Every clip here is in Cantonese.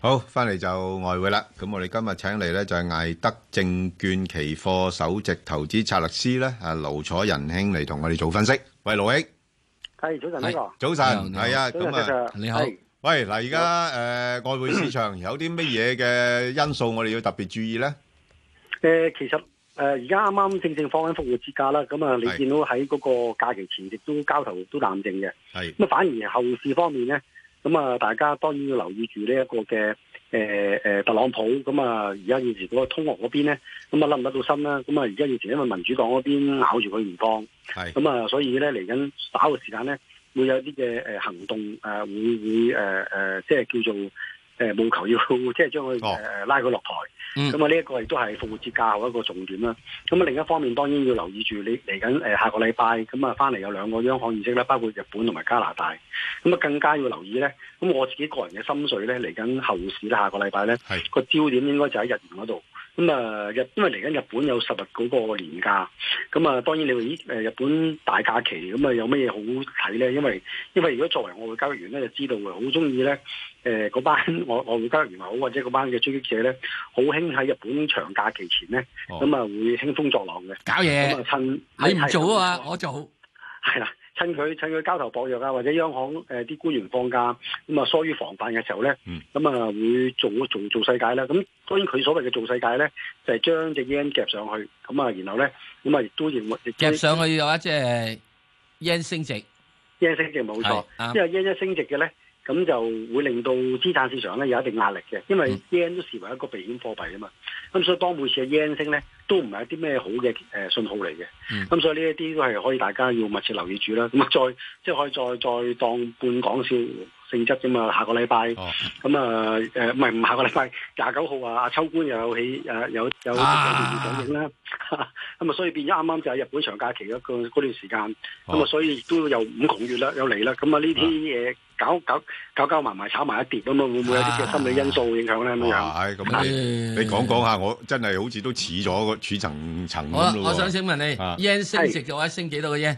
好，翻嚟就外匯啦。咁我哋今日請嚟咧就係艾德證券期貨首席投資策略師咧，啊盧楚仁兄嚟同我哋做分析。喂，盧兄，係早晨呢個早晨係啊，咁啊，你好。喂，嗱，而家誒外匯市場有啲乜嘢嘅因素我哋要特別注意咧？誒，其實誒而家啱啱正正放緊復活節假啦，咁啊你見到喺嗰個假期前亦都交投都冷靜嘅，係咁啊反而後市方面咧。咁啊，大家當然要留意住呢一個嘅，誒、呃、誒特朗普咁啊，而家現時嗰個通俄嗰邊咧，咁啊諗唔得到心啦，咁啊而家現時因為民主黨嗰邊咬住佢唔放，係是，咁啊，所以咧嚟緊稍嘅時間咧，會有啲嘅誒行動誒會會誒誒，即係叫做。誒，務求要即係將佢拉佢落台，咁啊呢一個亦都係復活節假期一個重點啦。咁啊另一方面，當然要留意住，你嚟緊下個禮拜，咁啊翻嚟有兩個央行議息咧，包括日本同埋加拿大，咁啊更加要留意咧。咁我自己個人嘅心水咧，嚟緊後市咧，下個禮拜咧，個是焦點應該就喺日元嗰度。咁啊，日因為嚟緊日本有十日嗰個年假，咁啊當然你會咦，日本大假期，咁啊有乜嘢好睇咧？因為因為如果作為我嘅交易員咧，就知道會好中意咧，誒嗰班我我嘅交易員好，或者嗰班嘅追擊者咧，好興喺日本長假期前咧，咁啊、哦、會興風作浪嘅，搞嘢，咁啊趁你唔做啊我做，係啦、啊。趁佢趁佢交投薄弱啊，或者央行誒啲、呃、官員放假，咁、嗯、啊疏於防範嘅時候咧，咁啊、嗯嗯、會仲會做，做世界咧。咁當然佢所謂嘅做世界咧，就係將隻 yen 夾上去，咁、嗯、啊然後咧，咁啊亦都認為夾上去嘅話，即係 yen 升值，yen 升值冇錯，是因為 yen 一升值嘅咧。咁就會令到資產市場咧有一定壓力嘅，因為 yen 都視為一個避險貨幣啊嘛，咁所以當每次嘅 yen 升咧，都唔係一啲咩好嘅誒、呃、信號嚟嘅，咁、嗯、所以呢一啲都係可以大家要密切留意住啦，咁啊再即係可以再再當半講先。性質啫嘛，下個禮拜咁啊，誒，唔係唔下個禮拜廿九號啊，阿秋官又有起誒，有有有電影啦。咁啊，所以變咗啱啱就喺日本長假期嗰段時間，咁啊，所以亦都有五窮月啦，又嚟啦。咁啊，呢啲嘢搞搞搞搞埋埋，炒埋一碟咁嘛，會唔會有啲嘅心理因素影響咧？咁又你講講下，我真係好似都似咗個儲層層我想請問你 yen 升值咗一升幾多嘅 yen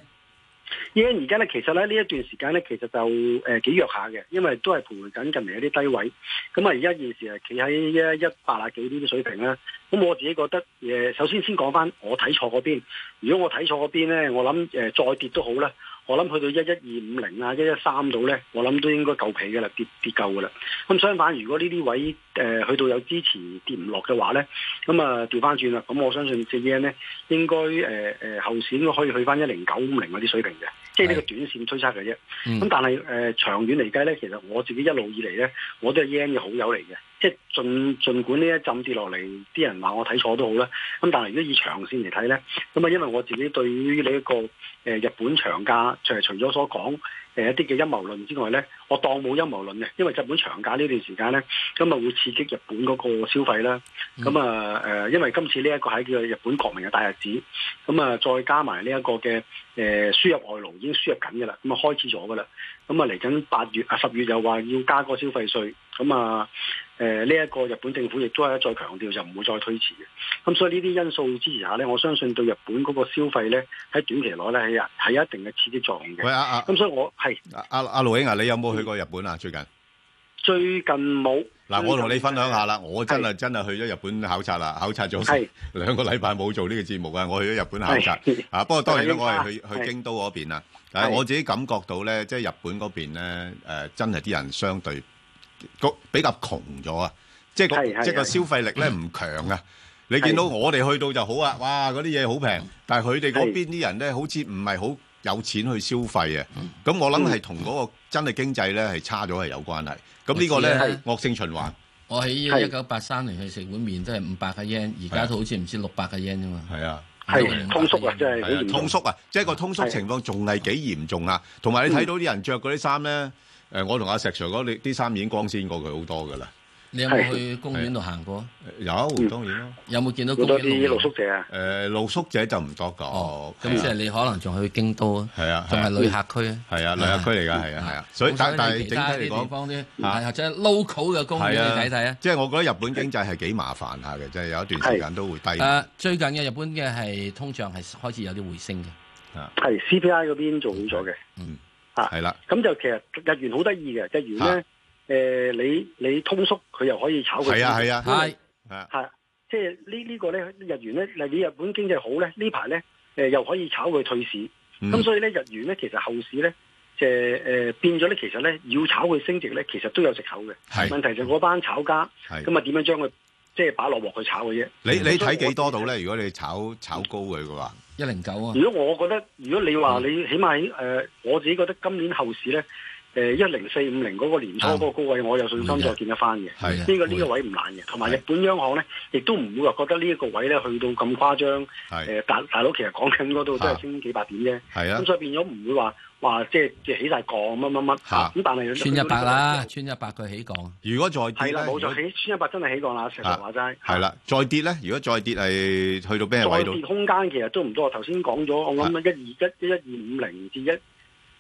因而家咧，其實咧呢這一段時間咧，其實就誒、呃、幾弱下嘅，因為都係徘徊緊近嚟有啲低位。咁、嗯、啊，而家現時係企喺一一百啊幾呢啲水平啦。咁我自己覺得誒、呃，首先先講返我睇錯嗰邊。如果我睇錯嗰邊咧，我諗誒、呃、再跌都好啦。我諗去到一一二五零啊，一一三度咧，我諗都應該夠期嘅啦，跌跌夠嘅啦。咁相反，如果呢啲位誒、呃、去到有支持跌唔落嘅話咧，咁啊調翻轉啦。咁我相信隻 yen 咧，應該誒誒、呃呃、後市應該可以去翻一零九五零嗰啲水平嘅，即係呢個短綫推測嘅啫。咁是但係誒、呃、長遠嚟計咧，其實我自己一路以嚟咧，我都係 yen 嘅好友嚟嘅。即係盡盡管呢一陣跌落嚟，啲人話我睇錯都好啦。咁但係如果以長線嚟睇咧，咁啊，因為我自己對於呢一個誒日本長假，除除咗所講誒一啲嘅陰謀論之外咧。我當冇陰謀論嘅，因為日本長假呢段時間咧，咁啊會刺激日本嗰個消費啦。咁啊誒，因為今次呢一個係叫做日本國民嘅大日子，咁啊再加埋呢一個嘅誒輸入外勞已經輸入緊嘅啦，咁啊開始咗嘅啦。咁啊嚟緊八月啊十月又話要加個消費稅，咁啊誒呢一個日本政府亦都係再強調就唔會再推遲嘅。咁所以呢啲因素支持下咧，我相信對日本嗰個消費咧喺短期內咧係係有一定嘅刺激作用嘅。喂阿咁、啊、所以我係阿阿盧英啊，你有冇去？去過日本啊？最近最近冇嗱，我同你分享下啦，我真係真係去咗日本考察啦，考察咗兩個禮拜冇做呢個節目啊，我去咗日本考察啊。不過當然啦，我係去去京都嗰邊啊。但係我自己感覺到咧，即係日本嗰邊咧，誒，真係啲人相對比較窮咗啊，即係即係個消費力咧唔強啊。你見到我哋去到就好啊，哇，嗰啲嘢好平，但係佢哋嗰邊啲人咧，好似唔係好。有錢去消費嘅，咁我諗係同嗰個真係經濟咧係差咗係有關係。咁呢個咧惡性循環。我喺一九八三年去食碗麵都係五百個 yen，而家都好似唔知六百個 yen 啫嘛。係啊，係通縮啊，真係通縮啊，即係個通縮情況仲係幾嚴重啊。同埋你睇到啲人着嗰啲衫咧，誒，我同阿石 Sir 講，你啲衫已經光鮮過佢好多㗎啦。你有冇去公園度行過？有當然咯。有冇見到嗰啲露宿者啊？誒，露宿者就唔多講。哦，咁即係你可能仲去京都啊？係啊，同埋旅客區啊。係啊，旅客區嚟㗎，係啊，係啊。所以但但整體嚟講，方啲或者 local 嘅公園你睇睇啊。即係我覺得日本經濟係幾麻煩下嘅，即係有一段時間都會低。最近嘅日本嘅係通脹係開始有啲回升嘅。係 CPI 嗰邊好咗嘅。嗯。嚇。係啦。咁就其實日元好得意嘅，日元咧。誒、呃，你你通縮佢又可以炒佢係啊係啊係係，即係呢呢個咧日元咧，例如日本經濟好咧呢排咧，誒、呃、又可以炒佢退市，咁、嗯、所以咧日元咧其實後市咧，即、呃、誒變咗咧，其實咧要炒佢升值咧，其實都有藉口嘅。係問題就嗰班炒家，咁啊點樣將佢即係擺落鑊去炒嘅啫？你你睇幾多度咧？如果你炒炒高佢嘅話，一零九啊。如果我覺得，如果你話你起碼誒、呃，我自己覺得今年後市咧。誒，一零四五零嗰個年初嗰個高位，我有信心再見得翻嘅。呢個呢個位唔難嘅。同埋日本央行咧，亦都唔會話覺得呢一個位咧去到咁誇張。誒、呃，大大佬其實講緊嗰度都係升幾百點啫。係啊。咁、啊、所以變咗唔會話話即係即係起晒降乜乜乜。吓。咁但係千一百啦，千一百佢起降如如、啊。如果再跌咧，係啦，冇錯，千一百真係起降啦。成日話齋。係啦，再跌咧，如果再跌係去到咩位？再跌空間其實都唔多。頭先講咗，我諗一二一一一二五零至一。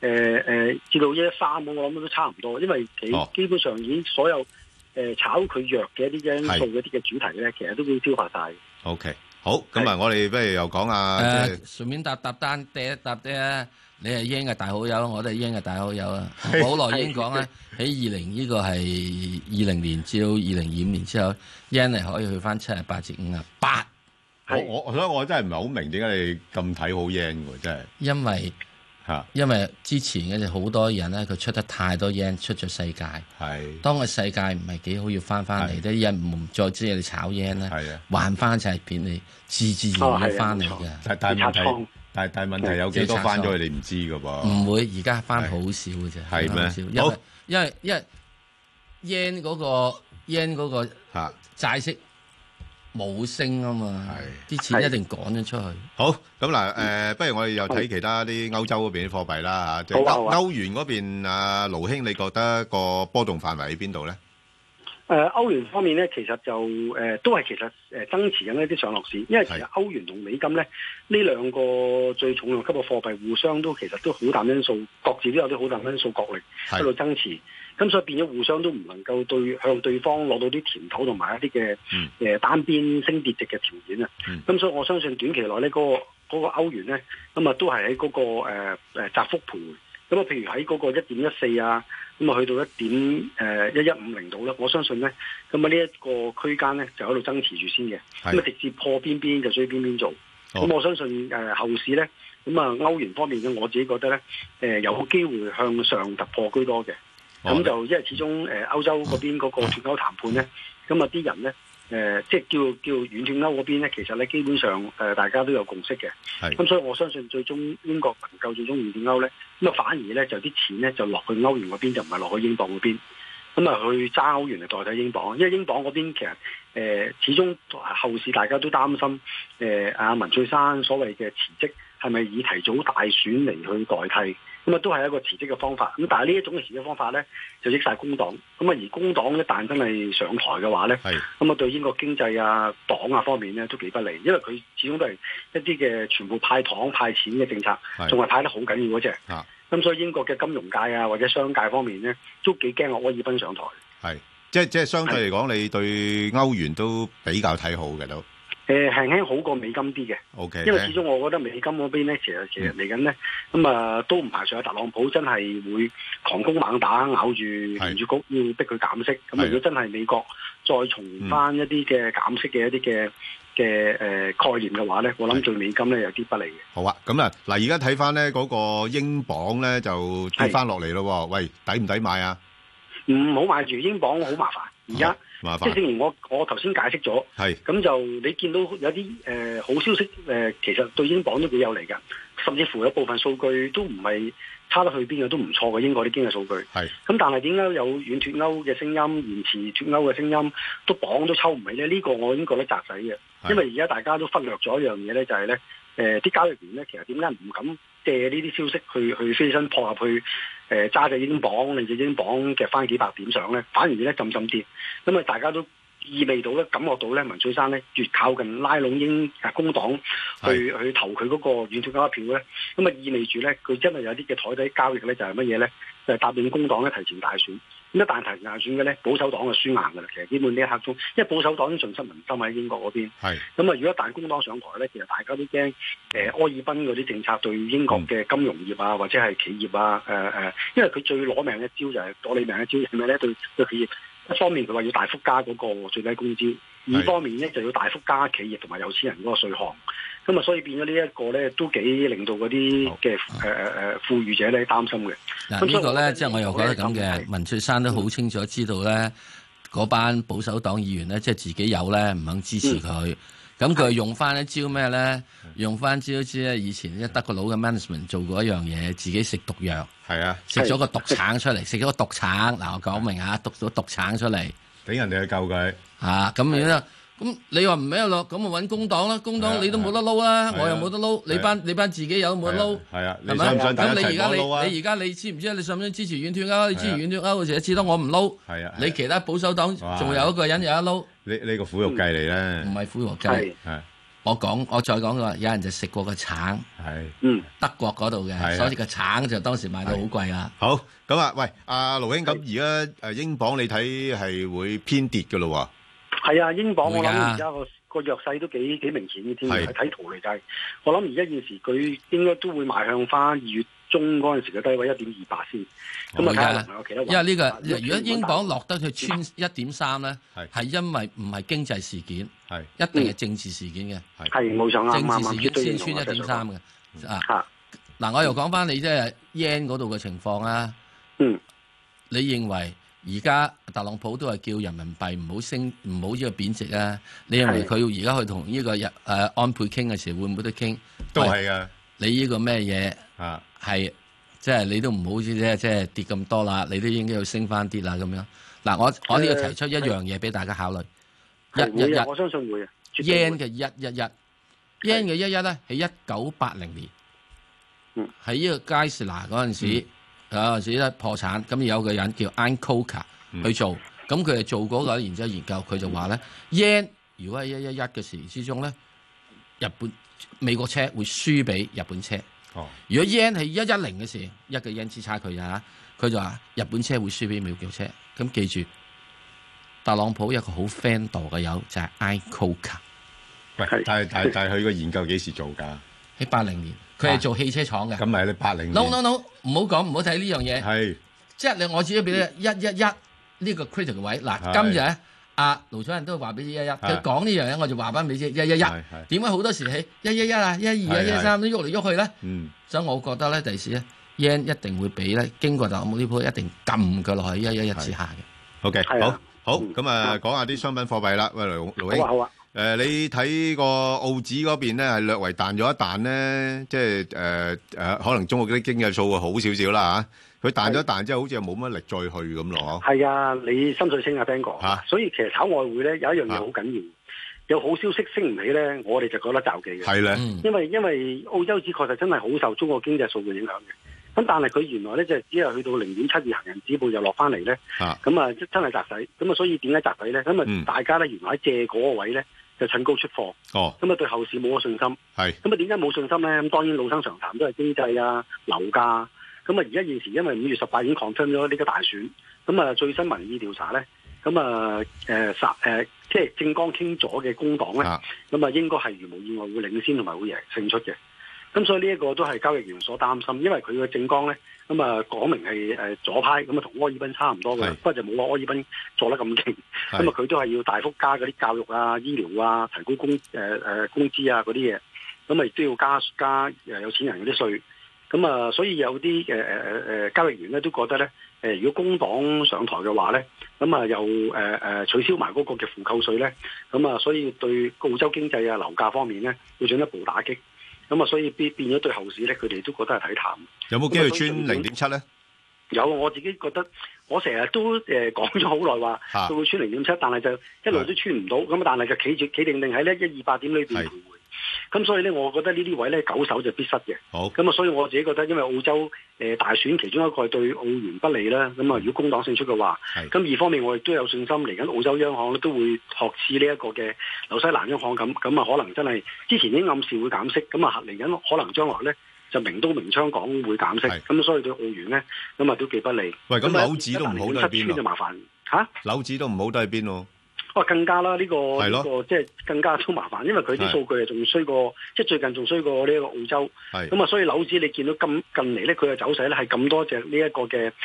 誒誒，至到而家三蚊，我諗都差唔多，因為佢基本上已經所有誒炒佢弱嘅一啲因素嗰啲嘅主題咧，其實都會消化晒。O K，好，咁啊，我哋不如又講下誒，順便搭搭單，第一搭啫啊，你係 yen 嘅大好友，我都係 yen 嘅大好友啊。好耐已經講咧，喺二零呢個係二零年至到二零二五年之後，yen 係可以去翻七十八至五十八。係，我所以，我真係唔係好明點解你咁睇好 yen 嘅？真係。因為因為之前嘅好多人咧，佢出得太多 yen 出咗世界，的當個世界唔係幾好，要翻翻嚟啲人唔再知、就係、你炒 yen 咧，的還翻就係變你自自然然會翻嚟嘅。但但、哦、問題，但但問題有幾多翻咗，你唔知㗎噃。唔會，而家翻為好少嘅啫。係咩？因為因為 yen 嗰個 yen 嗰個債息。冇升啊嘛，啲錢一定趕咗出去。好，咁嗱，誒、呃，不如我哋又睇其他啲歐洲嗰邊啲貨幣啦吓，即係歐元嗰邊啊，盧兄你覺得個波動範圍喺邊度咧？誒、呃，歐元方面咧，其實就誒、呃、都係其實誒增持緊一啲上落市，因為其實歐元同美金咧呢這兩個最重量級嘅貨幣互相都其實都好大因素，各自都有啲好大因素角力去增持。咁所以變咗互相都唔能夠對向對方攞到啲甜頭同埋一啲嘅誒單邊升跌值嘅條件啊！咁、嗯嗯、所以我相信短期內咧，嗰個嗰個歐元咧，咁啊都係喺嗰個誒窄、呃、幅徘徊。咁啊，譬如喺嗰個一點一四啊，咁啊去到一點誒一一五零度咧，我相信咧，咁啊呢一個區間咧就喺度增持住先嘅。咁啊的直接破邊邊就追邊邊做。咁好我相信誒後市咧，咁啊歐元方面嘅我自己覺得咧，誒、呃、有機會向上突破居多嘅。咁就因為始終誒、呃、歐洲嗰邊嗰個脫歐談判咧，咁啊啲人咧、呃、即係叫叫軟脫歐嗰邊咧，其實咧基本上、呃、大家都有共識嘅。咁的所以我相信最終英國能夠最終軟脫歐咧，咁啊反而咧就啲錢咧就落去歐元嗰邊，就唔係落去英鎊嗰邊，咁啊去揸歐元嚟代替英鎊，因為英鎊嗰邊其實誒、呃、始終後市大家都擔心誒阿、呃啊、文翠珊所謂嘅辭職係咪以提早大選嚟去代替？咁啊，都係一個辭職嘅方法。咁但係呢一種辭職方法咧，就益曬工黨。咁啊，而工黨一旦真係上台嘅話咧，咁啊是，對英國經濟啊、黨啊方面咧，都幾不利。因為佢始終都係一啲嘅全部派糖派錢嘅政策，仲係是派得好緊要嗰隻。咁啊，所以英國嘅金融界啊，或者商界方面咧，都幾驚可爾芬上台。即即相對嚟講，是你對歐元都比較睇好嘅都。誒輕輕好過美金啲嘅，okay，因為始終我覺得美金嗰邊咧，其實其實嚟緊咧，咁、呃、啊都唔排除阿特朗普真係會狂攻猛打，咬住聯儲局要逼佢減息。咁是、嗯、如果真係美國再重翻一啲嘅減息嘅一啲嘅嘅誒概念嘅話咧，我諗對美金咧是有啲不利嘅。好啊，咁啊嗱，而家睇翻咧嗰個英鎊咧就跌翻落嚟咯。是喂，抵唔抵買啊？唔好、嗯、買住英鎊，好麻煩。而家、啊、即係正如我我頭先解釋咗，係咁是就你見到有啲誒、呃、好消息、呃、其實對英鎊都幾有利㗎。甚至乎有部分數據都唔係差得去邊嘅，都唔錯嘅英國啲經濟數據。係咁是，但係點解有遠脱歐嘅聲音、延遲脱歐嘅聲音都綁都抽唔起咧？呢、呢個我已經覺得砸仔嘅，是因為而家大家都忽略咗一樣嘢咧，就係、是、咧。誒啲、呃、交易員咧，其實點解唔敢借呢啲消息去去飛身撲入去誒揸隻英鎊，令隻英鎊嘅翻幾百點上咧？反而咧浸浸跌，咁、嗯、啊大家都意味到咧，感覺到咧，文翠珊咧越靠近拉攏英、呃、工黨去去投佢嗰個遠交加票咧，咁、嗯、啊、嗯、意味住咧，佢真係有啲嘅台底交易咧，就係乜嘢咧？就係、是、答應工黨咧提前大選。咁一旦提硬選嘅咧，保守黨就輸硬噶啦。其實基本呢一刻中，因為保守黨都盡失民心喺英國嗰邊。咁啊是，如果大公工黨上台咧，其實大家都驚誒，柯、呃、爾賓嗰啲政策對英國嘅金融業啊，嗯、或者係企業啊，誒、呃、誒，因為佢最攞命一招就係攞你命一招係咩咧？對對企業，一方面佢話要大幅加嗰個最低工資，二方面咧是就要大幅加企業同埋有錢人嗰個稅項。咁啊，所以變咗呢一個咧，都幾令到嗰啲嘅誒誒誒富裕者咧擔心嘅。嗱，呢個咧即係我又覺得咁嘅，文翠珊都好清楚知道咧，嗰班保守黨議員咧即係自己有咧唔肯支持佢，咁佢用翻一招咩咧？用翻招知咧，以前一德國佬嘅 management 做過一樣嘢，自己食毒藥，係啊，食咗個毒橙出嚟，食咗個毒橙。嗱，我講明嚇，毒咗毒橙出嚟，俾人哋去救佢嚇。咁樣。咁你話唔俾我落，咁我揾工黨啦。工黨你都冇得撈啦，我又冇得撈。你班你班自己有冇得撈？係啊，你想唔想大家一齊撈啊？咁你而家你你而家你知唔知？你想唔想支持軟脫歐？你支持軟脫歐嗰時，次當我唔撈。係啊，你其他保守黨仲有一個人有一撈。呢呢個苦肉計嚟咧，唔係苦肉計。係我講，我再講個，有人就食過個橙。係德國嗰度嘅，所以個橙就當時賣到好貴啊。好，咁啊，喂，阿盧英。咁而家誒英鎊，你睇係會偏跌嘅咯喎。係啊，英鎊我諗而家個個弱勢都幾幾明顯嘅添，睇的圖嚟計。我諗而家現時佢應該都會邁向翻二月中嗰陣時嘅低位一點二八先。咁啊、哦，因為呢個，如果英鎊落得去穿一點三咧，係的因為唔係經濟事件，係一定係政治事件嘅。係冇錯，錯嗯、政治事件先穿一點三嘅。的嗯、啊，嗱我又講翻你即係 yen 嗰度嘅情況啊。嗯，你認為？而家特朗普都係叫人民幣唔好升，唔好呢個貶值啊！你認為佢要而家去同呢個日誒安倍傾嘅時候，會唔會得傾？都係啊，你呢個咩嘢？啊，係即係你都唔好即係即係跌咁多啦，你都應該要升翻啲啦咁樣。嗱，我我呢個提出一樣嘢俾大家考慮，一一一，我相信會啊。yen 嘅一一一，yen 嘅一一咧喺一九八零年，喺呢個佳士拿嗰陣時。啊！死得破產咁，有個人叫 Iacocca 去做，咁佢就做嗰個研究研究，佢就話咧 yen 如果係一一一嘅時，之中咧日本美國車會輸俾日本車。哦，如果 yen 係一一零嘅時，一個 yen 之差佢嚇，佢就話日本車會輸俾美國車。咁記住，特朗普有個好 friend 度嘅友就係 Iacocca 係，但係是但係佢個研究幾時做㗎？喺八零年。佢係做汽車廠嘅，咁咪你八零。no no no，唔好講，唔好睇呢樣嘢。係，即係你我只係俾一一一呢個 critical 位。嗱，今日阿盧楚仁都話俾一一，一，佢講呢樣嘢，我就話翻俾先一一一。點解好多時係一一一啊、一二啊、一三都喐嚟喐去咧？所以我覺得咧，第時咧 yen 一定會俾咧，經過就冇呢波一定撳佢落去一一一之下嘅。OK，好，好咁啊，講下啲商品貨幣啦。喂，盧盧誒、呃，你睇個澳紙嗰邊咧，係略為彈咗一彈咧，即係誒誒，可能中國啲經濟數會好少少啦吓，佢彈咗一彈之後，的好似又冇乜力再去咁咯嗬。係啊，你深水清啊，Ben 哥吓，啊、所以其實炒外匯咧有一樣嘢好緊要，啊、有好消息升唔起咧，我哋就覺得驟記嘅。係啦的，因為因為澳洲紙確實真係好受中國經濟數嘅影響嘅，咁但係佢原來咧就只係去到零點七二行人止步就落翻嚟咧，咁啊真真係驟死，咁啊所以點解驟死咧？咁啊大家咧原來喺借嗰個位咧。就趁高出貨，咁啊對後市冇咗信心，係咁啊點解冇信心咧？咁當然老生常談都係經濟啊、樓價，咁啊而家現時因為五月十八已經 confirm 咗呢個大選，咁啊最新民意調查咧，咁啊誒十誒即係政綱傾咗嘅工黨咧，咁啊應該係如無意外會領先同埋會贏勝出嘅。咁所以呢一個都係交易員所擔心，因為佢嘅政綱咧，咁啊講明係誒左派，咁啊同柯爾賓差唔多嘅，是不過就冇攞柯爾賓做得咁勁。咁啊佢都係要大幅加嗰啲教育啊、醫療啊、提高工誒誒、呃、工資啊嗰啲嘢，咁啊亦都要加加誒有錢人嗰啲稅。咁啊，所以有啲誒誒誒誒交易員咧都覺得咧，誒、呃、如果工黨上台嘅話咧，咁啊又誒誒、呃呃、取消埋嗰個嘅負扣稅咧，咁啊所以對澳洲經濟啊，樓價方面咧會進一步打擊。咁啊，所以變變咗對後市咧，佢哋都覺得係睇淡。有冇機會穿零點七咧？有，我自己覺得，我成日都誒講咗好耐話，佢會、呃、穿零點七，但係就一路都穿唔到。咁是的 但係就企住企定定喺咧一二八點裏邊。咁所以咧，我覺得呢啲位咧，九手就必失嘅。好。咁啊，所以我自己覺得，因為澳洲、呃、大選其中一個係對澳元不利啦。咁啊，如果工黨勝出嘅話，咁、嗯、二方面我亦都有信心嚟緊澳洲央行咧都會學似呢一個嘅紐西蘭央行咁，咁啊可能真係之前已經暗示會減息，咁啊嚟緊可能將來咧就明刀明槍講會減息。咁是所以對澳元咧咁啊都幾不利。喂，咁樓市，是樓市都唔好得邊？就麻煩嚇。啊、樓市都唔好喺邊喎。我、哦、更加啦呢、這個呢的、這個即係更加粗麻煩，因為佢啲數據啊仲衰過，的即係最近仲衰過呢一個澳洲。咁啊的、嗯，所以樓市你見到近近嚟咧，佢嘅走勢咧係咁多隻呢一個嘅誒、這個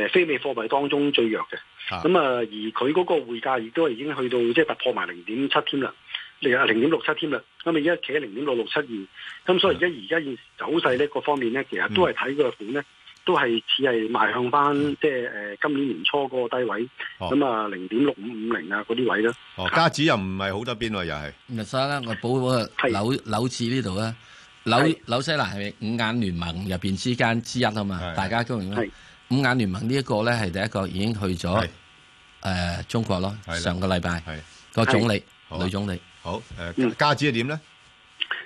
呃、非美貨幣當中最弱嘅。咁啊的、嗯，而佢嗰個匯價亦都係已經去到即係突破埋零點七添啦，零零點六七添啦。咁你而家企喺零點六六七二，咁所以而家而家現走勢咧，各方面咧，其實都係睇個盤咧。都係只係邁向返，即係誒，今年年初嗰個低位，咁啊零點六五五零啊嗰啲位咯。哦，家子又唔係好得邊位人？咁啊，所以咧，我補個紐紐市呢度啦。紐紐西蘭係咪五眼聯盟入邊之間之一啊嘛，大家都明啦。五眼聯盟呢一個咧係第一個已經去咗誒中國咯，上個禮拜個總理女總理好。誒，家家子係點咧？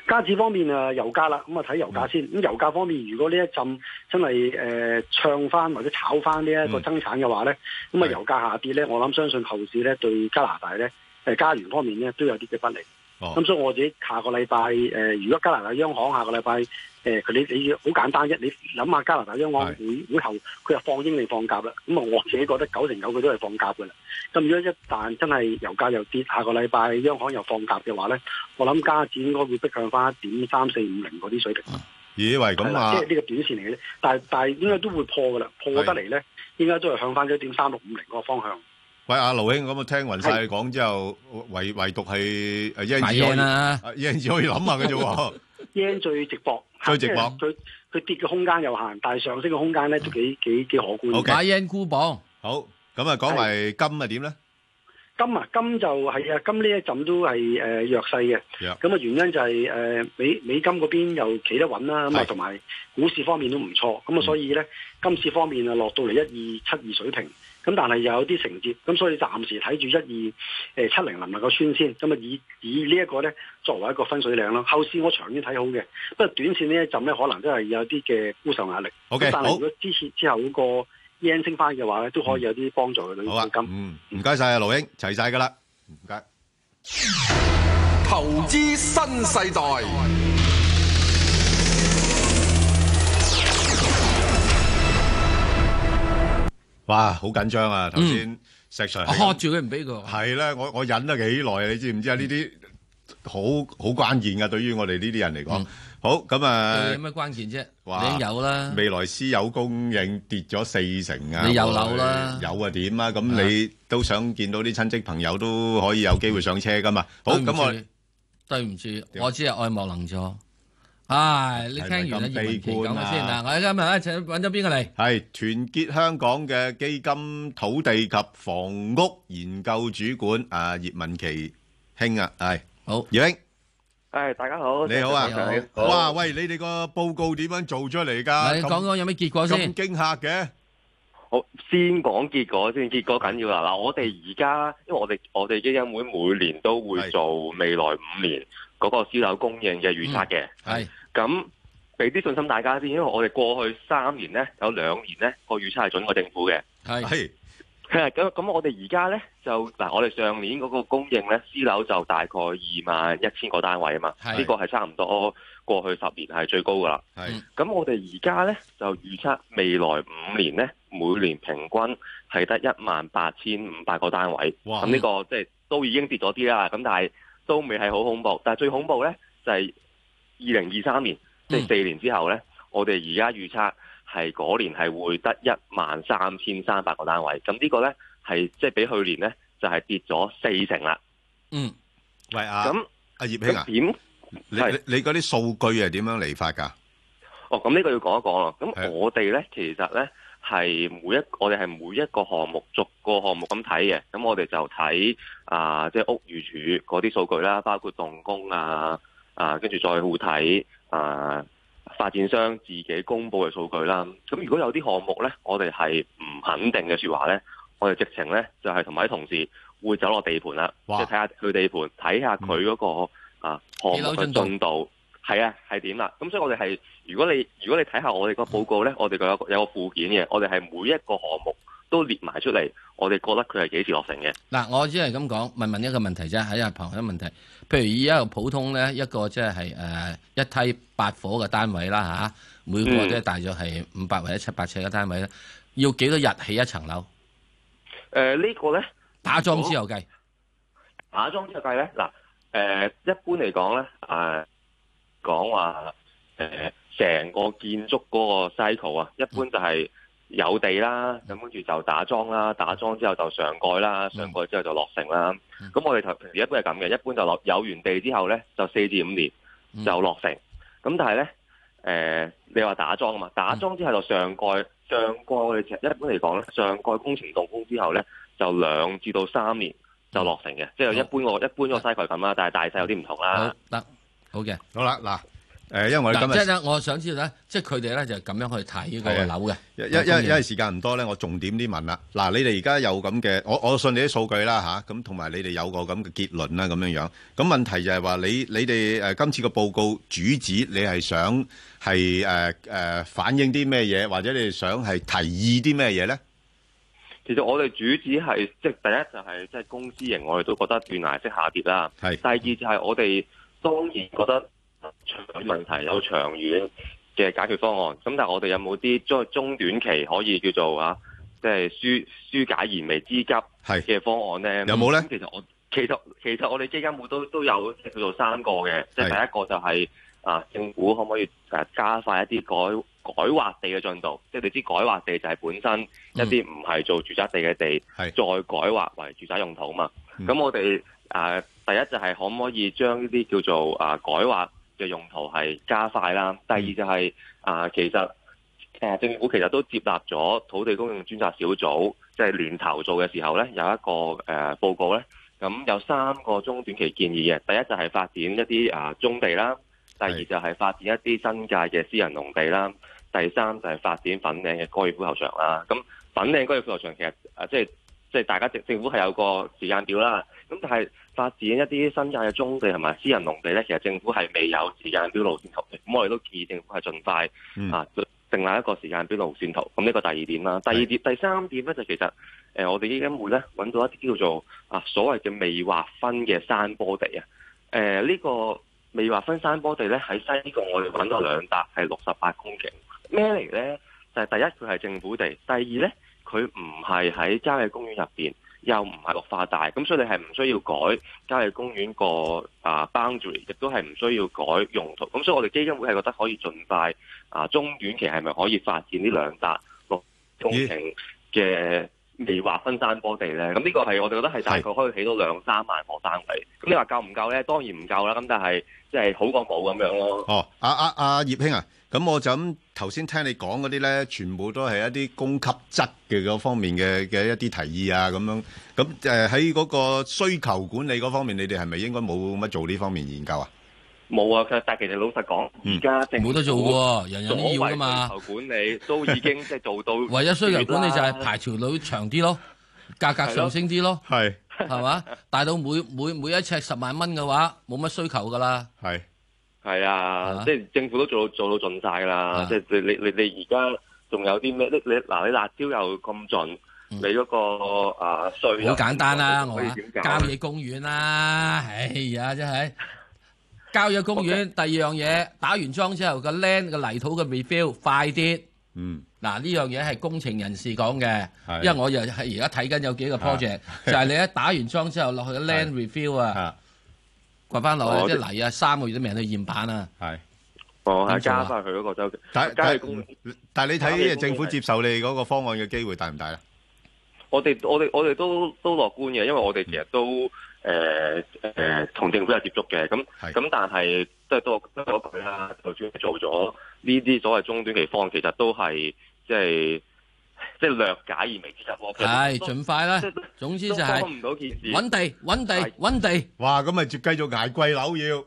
加市方面啊，油價啦，咁啊睇油價先。咁、嗯、油價方面，如果呢一陣真係誒、呃、唱翻或者炒翻呢一個增產嘅話咧，咁啊、嗯、油價下跌咧，我諗相信後市咧對加拿大咧誒加元方面咧都有啲嘅不利。咁、哦、所以我自己下個禮拜誒、呃，如果加拿大央行下個禮拜。誒，佢你你好簡單啫，你諗下加拿大央行會會後佢又放鷹定放鴿啦。咁啊，我自己覺得九成九佢都係放鴿噶啦。咁如果一旦真係油價又跌，下個禮拜央行又放鴿嘅話咧，我諗加紙應該會逼向翻一點三四五零嗰啲水平。嗯、以喂，咁啊，即係呢個短線嚟嘅，但係但係應該都會破噶啦，破得嚟咧，應該都係向翻一點三六五零嗰個方向。喂，阿盧兄，咁啊，聽云太講之後，是唯唯獨係 Y 啊，啊可以諗下嘅啫。 yen 最直落，最直落。佢佢跌嘅空間有限，但係上升嘅空間咧都幾幾幾可觀的。買 yen 沽磅，好，咁啊，講埋金啊點咧？金啊金就係、是、啊金呢一陣都係誒、呃、弱勢嘅，咁啊 Yeah. 原因就係、是、誒、呃、美美金嗰邊又企得穩啦，咁啊同埋股市方面都唔錯，咁啊、嗯、所以咧金市方面啊落到嚟一二七二水平。咁但係又有啲承接，咁所以暫時睇住一二，誒七零零個穿先，咁啊以以呢一個咧作為一個分水嶺咯。後市我長遠睇好嘅，不過短線呢一陣咧可能都係有啲嘅沽售壓力。O Okay , K，但係如果支持好之後嗰個 yen 升翻嘅話咧，都可以有啲幫助嘅。好啊，嗯，唔該晒啊，盧英，齊晒㗎啦，唔該。投資新世代。哇，好緊張啊！頭先石尚吓住佢，唔俾佢係啦，我我忍得幾耐啊！你知唔知啊？呢啲好好關鍵噶，對於我哋呢啲人嚟講，好咁啊！有咩關鍵啫？你有啦！未來私樓供應跌咗四成啊！你有樓啦，有啊點啊？咁你都想見到啲親戚朋友都可以有機會上車噶嘛？好，咁我對唔住，我只係愛莫能助。唉，你聽完葉文祺講下先嗱，我哋今日一齊揾咗邊個嚟？係團結香港嘅基金土地及房屋研究主管，啊葉文祺兄啊，係好，葉英，係大家好，你好啊，你好，好啊，喂，你哋個報告點樣做出嚟噶？你講講有咩結果先？咁驚吓嘅，我先講結果先，結果緊要啦。嗱，我哋而家，因為我哋我哋基金會每年都會做未來五年。嗰個私樓供應嘅預測嘅，咁俾啲信心大家先，因為我哋過去三年呢，有兩年呢，個預測係準過政府嘅，咁是。咁 我哋而家呢，就嗱，我哋上年嗰個供應呢，私樓就大概二萬一千個單位啊嘛，呢是個係差唔多過去十年係最高噶啦。咁是，我哋而家呢，就預測未來五年呢，每年平均係得一萬八千五百個單位。哇！咁呢個即係都已經跌咗啲啦。咁但係都未係好恐怖，但係最恐怖呢就係二零二三年，嗯、即係四年之後呢，我哋而家預測係嗰年係會得一萬三千三百個單位，咁呢個呢係即係比去年呢就係跌咗四成啦。嗯，喂阿，咁阿葉兄啊，點？係你你嗰啲數據係點樣嚟法噶？哦，咁呢個要講一講啊。咁我哋呢的其實呢。係每一，我哋係每一個項目，逐個項目咁睇嘅。咁我哋就睇啊，即係屋宇署嗰啲數據啦，包括動工啊，啊，跟住再會睇啊，發展商自己公布嘅數據啦。咁如果有啲項目呢，我哋係唔肯定嘅說話呢，我哋直情呢就係同埋啲同事會走落地盤啦，哇就睇下佢地盤，睇下佢嗰個啊項目嘅進度。係啊，係點啦？咁所以我哋係，如果你如果你睇下我哋個報告咧，我哋就有有個附件嘅，我哋係每一個項目都列埋出嚟，我哋覺得佢係幾時落成嘅？嗱、啊，我只係咁講，問問一個問題啫，喺啊旁身問題，譬如而家普通咧一個即係誒一梯八伙嘅單位啦吓、啊，每個即係大約係五百或者七百尺嘅單位咧，要幾多日起一層樓？誒、呃，這個、呢個咧，打樁之後計，打樁之後計咧，嗱，誒、呃、一般嚟講咧誒。呃講話誒，成、呃、個建築嗰個 cycle 啊，一般就係有地啦，咁跟住就打樁啦，打樁之後就上蓋啦，上蓋之後就落成啦。咁我哋頭平時一般係咁嘅，一般就落有完地之後咧，就四至五年就落成。咁、嗯、但係咧誒，你話打樁啊嘛，打樁之後就上蓋，上蓋我哋一般嚟講咧，上蓋工程動工之後咧，就兩至到三年就落成嘅，即、就、係、是、一般、嗰個好一般個 cycle 咁啦，但係大細有啲唔同啦。得。好嘅，好啦，嗱，誒，因為我哋今日即係我想知道咧，即係佢哋咧就咁樣去睇個樓嘅。因因因為時間唔多咧，我重點啲問啦。嗱，你哋而家有咁嘅，我我信你啲數據啦吓，咁同埋你哋有個咁嘅結論啦咁樣樣。咁問題就係話你你哋誒今次嘅報告主旨，你係想係誒誒反映啲咩嘢，或者你哋想係提議啲咩嘢咧？其實我哋主旨係即係第一就係即係公司型，我哋都覺得斷崖式下跌啦。係的。第二就係我哋。當然覺得長遠問題有長遠嘅解決方案，咁但係我哋有冇啲即係中短期可以叫做啊，即係疏疏解燃眉之急嘅方案咧？有冇咧？其實我其實其實我哋基金會都都有叫做三個嘅，即係第一個就係、是、是啊，政府可唔可以誒加快一啲改改劃地嘅進度？即係你知改劃地就係本身一啲唔係做住宅地嘅地，嗯、再改劃為住宅用途啊嘛。咁是、嗯、我哋啊～第一就係可唔可以將呢啲叫做啊改劃嘅用途係加快啦。第二就係啊，其實誒政府其實都接納咗土地供應專責小組，即係聯投做嘅時候咧，有一個誒報告咧。咁有三個中短期建議嘅。第一就係發展一啲啊棕地啦。第二就係發展一啲新界嘅私人農地啦。第三就係發展粉嶺嘅高爾夫球場啦。咁粉嶺高爾夫球場其實啊，即係即係大家政政府係有個時間表啦。咁但係發展一啲新界嘅棕地同埋私人農地咧，其實政府係未有時間表路線圖嘅，咁我哋都建議政府係盡快、嗯、啊定立一個時間表路線圖。咁呢個第二點啦，第二點第三點咧就其實誒、呃，我哋依家會咧揾到一啲叫做啊所謂嘅未劃分嘅山坡地啊。誒、呃、呢、這個未劃分山坡地咧，喺西貢我哋揾到兩笪係六十八公頃。咩嚟咧？就係、是、第一佢係政府地，第二咧佢唔係喺郊野公園入邊。又唔係綠化帶，咁所以你係唔需要改郊野公園個啊 boundary，亦都係唔需要改用途，咁所以我哋基金會係覺得可以盡快啊中短期係咪可以發展呢兩笪個工程嘅未劃分山坡地咧？咁呢咦個係我哋覺得係大概可以起到兩三萬個單位，咁是你話夠唔夠咧？當然唔夠啦，咁但係即係好過冇咁樣咯。哦，阿啊阿、啊啊、葉兄啊，咁我就咁。頭先聽你講嗰啲咧，全部都係一啲供給質嘅嗰方面嘅嘅一啲提議啊咁樣。咁誒喺嗰個需求管理嗰方面，你哋係咪應該冇乜做呢方面研究啊？冇啊！但係其實老實講，而家冇得做嘅，人人都要㗎嘛。需求管理都已經即係做到，唯一需求管理就係排潮率長啲咯，價格上升啲咯，係係嘛？大到每每每一尺十萬蚊嘅話，冇乜需求噶啦。係。係啊，即係政府都做到做到盡晒啦。即係你你你你而家仲有啲咩？你嗱你辣椒又咁盡，你嗰個啊稅，好簡單啦，我郊野公園啦，哎呀真係郊野公園。第二樣嘢打完樁之後個 land 個泥土嘅 review 快啲。嗯，嗱呢樣嘢係工程人士講嘅，因為我又係而家睇緊有幾個 project，就係你一打完樁之後落去個 land review 啊。掘翻落去，即嚟啊！三個月都未去驗版啊，係是哦，加翻去嗰個周期，但係你睇政府接受你嗰個方案嘅機會大唔大咧？我哋我哋我哋都都樂觀嘅，因為我哋其實都同、嗯呃呃、政府有接觸嘅，咁咁是但係都係都都佢啦，就算做咗呢啲所謂中短期方案，其實都係即係。就是即係略解而未觸及臥鋪，係盡的都快啦。是總之就係、是、幫唔到件事，搵地，搵地，搵的地。哇，咁咪接繼續捱貴樓要。